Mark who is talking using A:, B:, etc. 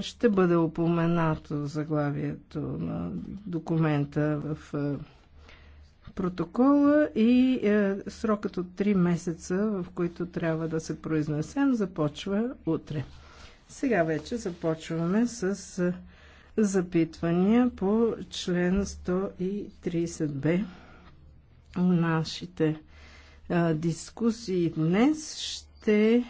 A: ще бъде упоменато заглавието на документа в протокола и е, срокът от 3 месеца, в който трябва да се произнесем, започва утре. Сега вече започваме с запитвания по член 130б. Нашите дискусии днес ще